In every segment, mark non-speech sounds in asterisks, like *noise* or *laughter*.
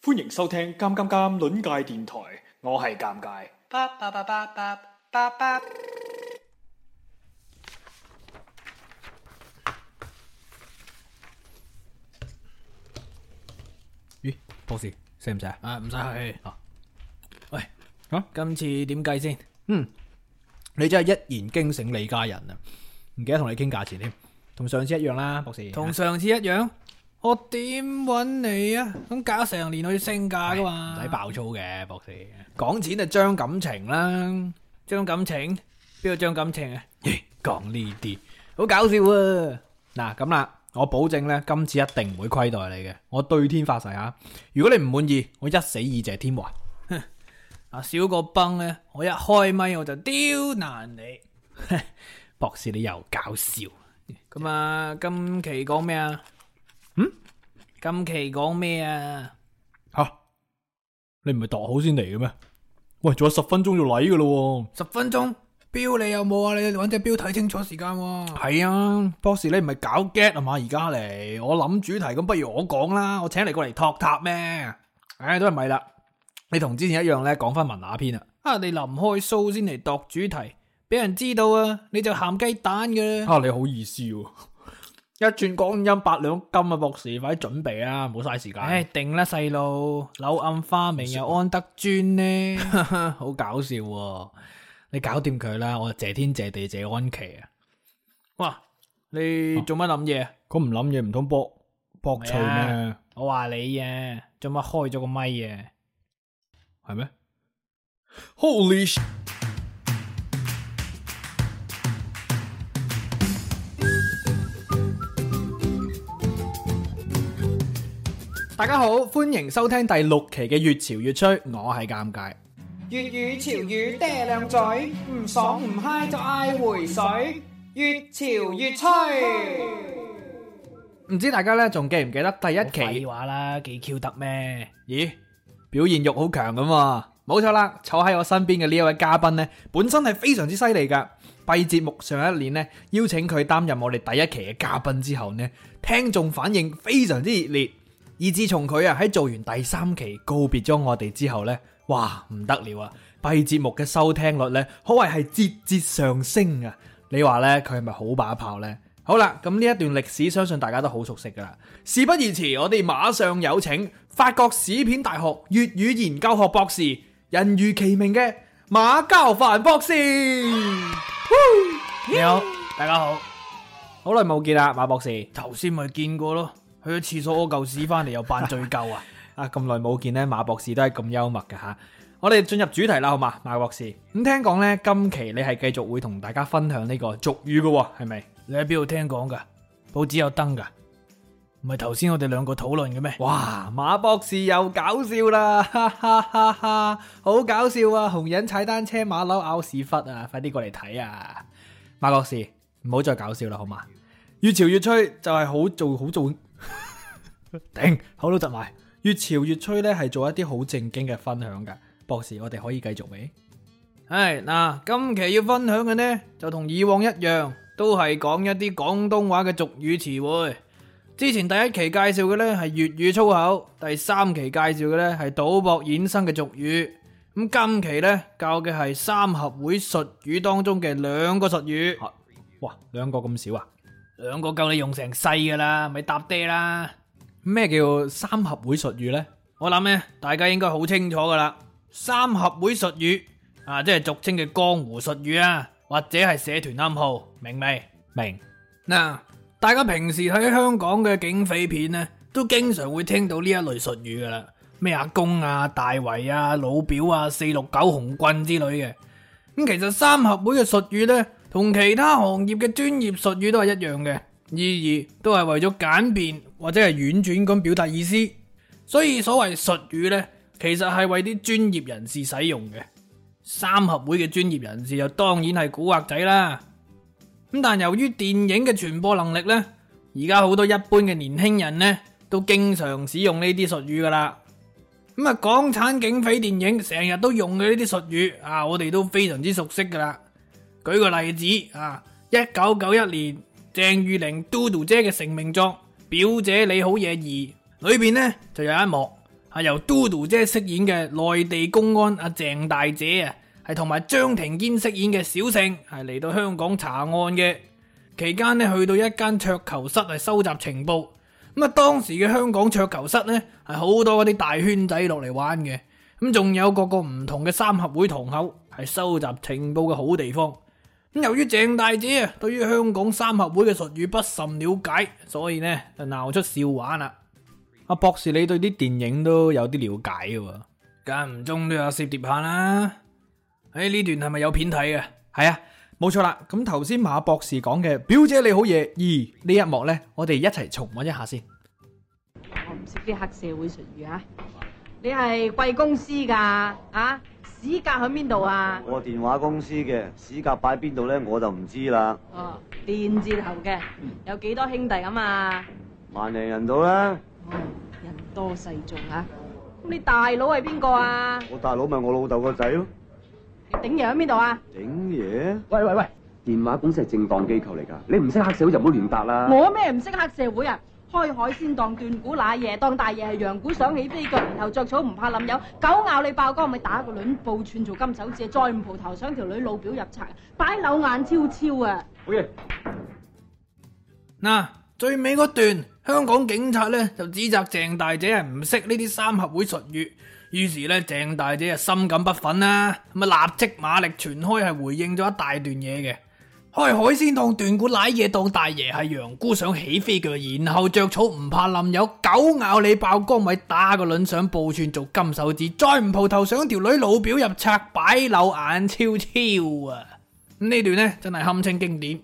歡迎收聽《尷尷尷》尷尬電台，我係尷尬。咦，博士，使唔使？誒，唔使客氣。啊，喂，啊，今次點計先？嗯，你真係一言驚醒李家人啊！唔記得同你傾價錢添，同上次一樣啦，博士。同上次一樣。我點搵你啊？咁搞成年我要升價噶嘛？唔使爆粗嘅博士，講錢就傷感情啦。傷感情？邊個傷感情啊？講呢啲好搞笑啊！嗱咁啦，我保證呢，今次一定唔會虧待你嘅。我對天發誓啊！如果你唔滿意，我一死二謝天還。啊，少個崩呢，我一開咪我就刁難你。博士你又搞笑。咁啊，今期講咩啊？今期講咩啊？吓、啊，你唔係度好先嚟嘅咩？喂，仲有十分鐘要嚟嘅咯，十分鐘表你有冇啊？你揾隻表睇清楚時間，啊。係啊，博士你唔係搞 get 啊嘛？而家嚟，我諗主題咁，不如我講啦。我請你過嚟托塔咩？唉、哎，都係咪啦？你同之前一樣咧，講翻文雅篇啊。你臨開書先嚟度主題，俾人知道啊，你就鹹雞蛋㗎！啦。吓，你好意思，啊？一轉光陰百兩金啊！博士快啲準備啊！冇晒時間。唉、哎，定啦，細路柳暗花明又安得尊呢？了 *laughs* 好搞笑喎、啊！你搞掂佢啦，我謝天謝地謝安琪啊！哇，你做乜諗嘢？我唔諗嘢，唔通博博取咩？我話你啊，做乜開咗個咪啊？係咩？Holy sh！大家好，歡迎收聽第六期嘅越潮越吹，我係尷尬。粵語潮語爹靚嘴唔爽唔嗨就嗌回水，越潮越吹。唔知大家呢仲記唔記得第一期？廢話啦，幾 Q 得咩？咦，表現欲好強咁嘛，冇錯啦，坐喺我身邊嘅呢一位嘉賓呢，本身係非常之犀利噶。閉節目上一年呢，邀請佢擔任我哋第一期嘅嘉賓之後呢，聽眾反應非常之熱烈。而自從佢啊喺做完第三期告別咗我哋之後呢，哇唔得了啊！閉節目嘅收聽率呢，可謂係節節上升啊！你話呢，佢係咪好把炮呢？好啦，咁呢一段歷史，相信大家都好熟悉噶啦。事不宜遲，我哋馬上有請法國史片大學粵語研究學博士，人如其名嘅馬交凡博士。 *laughs* *laughs* 你好，大家好，好耐冇見啦，馬博士。頭先咪見過咯。去廁所屙舊屎翻嚟又扮醉舊啊！ *laughs* 啊，咁耐冇見咧，馬博士都係咁幽默㗎。吓、啊。我哋進入主題啦，好嘛，馬博士咁聽講咧，今期你係繼續會同大家分享呢個俗語嘅係咪？是是你喺邊度聽講噶？報紙有登噶，唔係頭先我哋兩個討論嘅咩？哇，馬博士又搞笑啦，哈，哈哈哈！好搞笑啊！紅人踩單車，馬騮咬屎忽啊！快啲過嚟睇啊，馬博士，唔好再搞笑啦，好嘛？越潮越吹就係、是、好做，好做。頂，好都窒埋。越潮越吹咧，係做一啲好正經嘅分享噶，博士，我哋可以繼續未？係嗱，今期要分享嘅呢，就同以往一樣，都係講一啲廣東話嘅俗語詞彙。之前第一期介紹嘅呢係粵語粗口，第三期介紹嘅呢係賭博衍生嘅俗語。咁今期呢教嘅係三合會術語當中嘅兩個術語。哇，兩個咁少啊？兩個夠你用成世噶啦，咪搭爹啦！咩叫三合會術語呢？我諗呢，大家應該好清楚噶啦。三合會術語啊，即係俗稱嘅江湖術語啊，或者係社團暗號，明未？明嗱，大家平時喺香港嘅警匪片呢，都經常會聽到呢一類術語噶啦，咩阿公啊、大圍啊、老表啊、四六九紅棍之類嘅。咁其實三合會嘅術語呢，同其他行業嘅專業術語都係一樣嘅。意義都係為咗簡便或者係婉轉咁表達意思，所以所謂術語呢，其實係為啲專業人士使用嘅。三合會嘅專業人士就當然係古惑仔啦。咁但由於電影嘅傳播能力呢，而家好多一般嘅年輕人呢，都經常使用呢啲術語噶啦。咁啊，港產警匪電影成日都用嘅呢啲術語啊，我哋都非常之熟悉噶啦。舉個例子啊，一九九一年，鄭裕玲嘟嘟姐嘅成名作《表姐你好嘢二》裏邊呢，就有一幕係由嘟嘟姐飾演嘅內地公安阿鄭大姐啊，係同埋張庭堅飾演嘅小盛係嚟到香港查案嘅。期間呢，去到一間桌球室係收集情報，咁啊當時嘅香港桌球室呢係好多嗰啲大圈仔落嚟玩嘅，咁仲有各個唔同嘅三合會堂口，係收集情報嘅好地方。咁由於鄭大姐啊，對於香港三合會嘅術語不甚了解，所以呢就鬧出笑話啦。阿、啊、博士，你對啲電影都有啲了解嘅，間唔中都有涉獵下啦。喺、哎、呢段係咪有片睇啊？係啊，冇錯啦。咁頭先馬博士講嘅表姐你好嘢咦呢一幕呢，我哋一齊重溫一下先。我唔識啲黑社會術語啊！你係貴公司噶啊？指甲喺邊度啊？我電話公司嘅，指甲擺喺邊度咧，我就唔知啦。哦，電字頭嘅，有幾多兄弟咁啊？萬零人到啦、啊。哦，人多勢眾啊！咁你大佬係邊個啊？我大佬咪我老豆個仔咯。頂嘢喺邊度啊？頂嘢爺！喂喂喂，電話公司係正當機構嚟噶你唔識黑社會就唔好亂搭啦。我咩唔識黑社會啊？開海鮮檔斷股那嘢當大爺係羊牯想起飛腳，然後着草唔怕冧友，狗咬你爆缸咪打個卵，暴串做金手指，再唔蒲頭想條女老表入賊，擺柳眼超超啊！嗱棒、啊，最尾嗰段香港警察呢就指責鄭大姐係唔識呢啲三合會術語，於是呢，鄭大姐啊心感不忿啦、啊，咪立即馬力全開係回應咗一大段嘢嘅。開海鮮檔斷估奶嘢，當大爺，係楊姑想起飛腳，然後着草唔怕冧，有狗咬你爆光咪打個輪，想報串做金手指，再唔蒲頭想條女老表入賊，擺柳眼超超啊！呢段呢真係堪稱經典，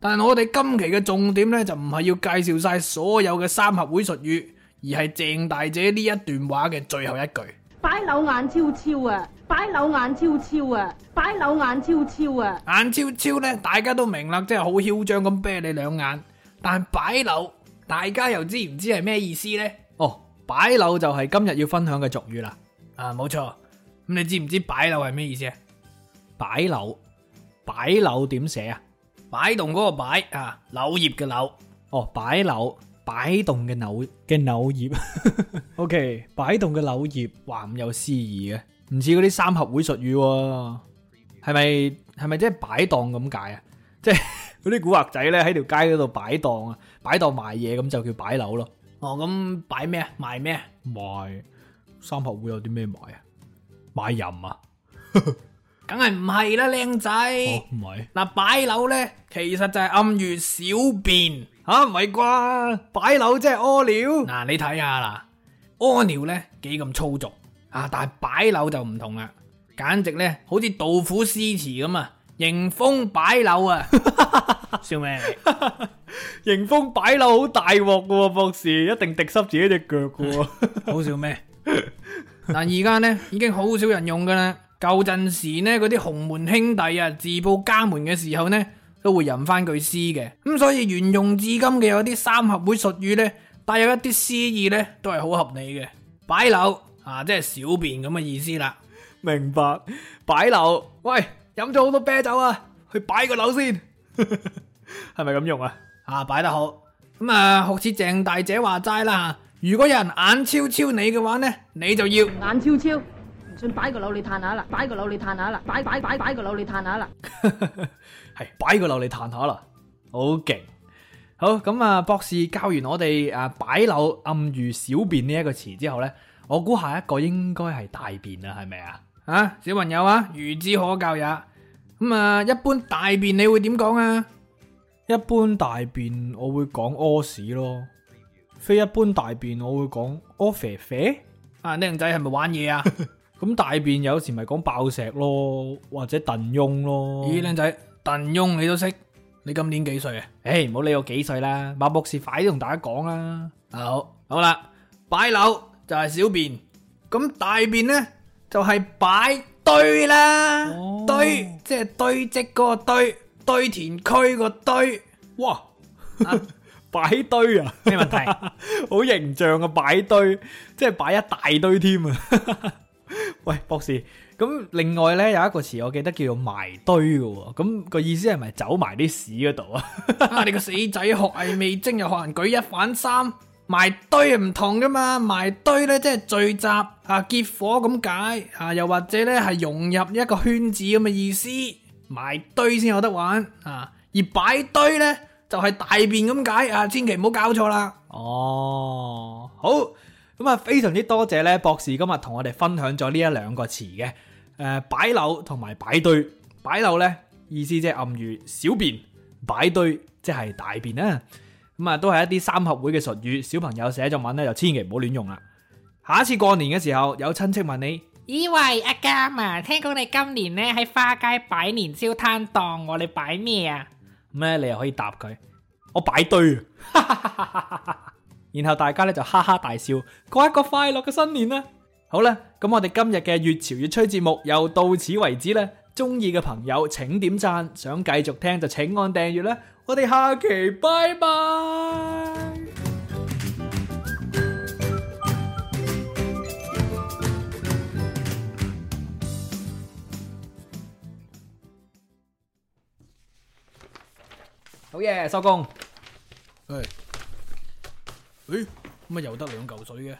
但係我哋今期嘅重點呢，就唔係要介紹晒所有嘅三合會術語，而係鄭大姐呢一段話嘅最後一句擺柳眼超超啊！擺柳眼超超啊！擺柳眼超超啊！眼超超咧，大家都明啦，即係好囂張咁啤你兩眼。但擺柳，大家又知唔知係咩意思咧？哦，擺柳就係今日要分享嘅俗語啦，啊啊。啊，冇錯。咁你知唔知擺柳係咩意思啊？擺柳，擺柳點寫啊？擺動嗰個擺啊，柳葉嘅柳。哦，擺柳，擺動嘅柳嘅柳葉。O K，擺動嘅柳葉，含有詩意啊。唔似嗰啲三合會術語，係咪係咪即係擺檔咁解啊？即係嗰啲古惑仔咧喺條街嗰度擺檔啊，擺檔 *laughs* 賣嘢咁就叫擺樓咯。哦，咁擺咩啊？賣咩？賣三合會有啲咩賣啊？賣淫啊？梗係唔係啦，靚仔。唔係嗱，擺樓咧其實就係暗喻小便吓，唔係啩？擺樓即係屙尿。嗱、啊，你睇下啦，屙尿咧幾咁粗俗。啊！但係擺樓就唔同啦，簡直咧好似杜甫詩詞咁啊，迎風擺樓啊，笑咩？ *laughs* *laughs* 迎風擺樓好大鑊噶，博士一定滴濕自己隻腳噶。好笑咩？ *laughs* *laughs* 但而家咧已經好少人用噶啦。舊陣 *laughs* 時咧，嗰啲洪門兄弟啊，自報家門嘅時候咧，都會吟翻句詩嘅。咁所以沿用至今嘅有啲三合會術語咧，帶有一啲詩意咧，都係好合理嘅。擺樓。啊，即係小便咁嘅意思啦，明白？擺樓，喂，飲咗好多啤酒啊，去擺個樓先，係咪咁用啊？啊，擺得好。咁、嗯、啊，好似鄭大姐話齋啦，如果有人眼超超你嘅話呢，你就要眼超超，先擺個樓你嘆下啦，擺個樓你嘆下啦，擺擺擺擺個樓你嘆下啦，係擺 *laughs* 個樓你嘆下啦，okay. 好勁。好，咁啊，博士教完我哋啊，擺樓暗喻小便呢一個詞之後呢？我估下一個應該係大便啦，係咪啊？啊，小朋友啊，孺子可教也。咁啊，一般大便你會點講啊？一般大便我會講屙屎咯。非一般大便我會講屙肥肥。啊，靚仔係咪玩嘢啊？咁大便有時咪講爆石咯，或者鄧翁咯。咦，靚仔，鄧翁你都識？你今年幾歲啊？誒，唔好理我幾歲啦，馬博士快啲同大家講啦。好好啦，擺樓。就係小便，咁大便咧就係擺堆啦，堆即係堆積個堆，堆填區個堆。哇，擺堆啊，咩問題？好形象啊，擺堆即係擺一大堆添啊！喂，博士，咁另外咧有一個詞我記得叫做埋堆嘅，咁個意思係咪走埋啲屎嗰度啊？你個死仔學藝未精，又學人舉一反三。埋堆唔同噶嘛，埋堆咧即係聚集啊，結伙咁解啊，又或者咧係融入一個圈子咁嘅意思，埋堆先有得玩啊。而擺堆咧就係、是、大便咁解啊，千祈唔好搞錯啦。哦，好咁啊，非常之多謝咧，博士今日同我哋分享咗呢一兩個詞嘅，誒、呃，擺漏同埋擺堆，擺漏咧意思即係暗喻小便，擺堆即係大便啊。咁啊，都係一啲三合會嘅術語，小朋友寫作文呢就千祈唔好亂用啦。下一次過年嘅時候，有親戚問你：咦喂，阿、啊、伽嘛？聽講你今年呢喺花街擺年宵攤檔，我哋擺咩啊？咁咧，你又可以答佢：我擺堆。 *laughs* 然後大家咧就哈哈大笑，過一個快樂嘅新年啦。好啦，咁我哋今日嘅越潮越吹節目又到此為止啦。中意嘅朋友請點讚，想繼續聽就請按訂閱啦！我哋下期拜拜。好嘢，收工。喂、哎，誒、哎，咁啊又得兩嚿水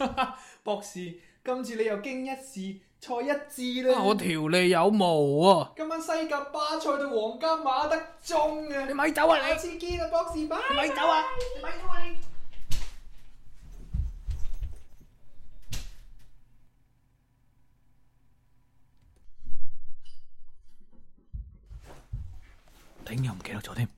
嘅。 *laughs* 博士，今次你又經一試。錯一字咧！我條脷有毛喎！今晚西甲巴塞對皇家馬德宗啊！你咪走啊你！下次見啊博士爸！你咪走啊！你咪走！頂又唔記得咗添。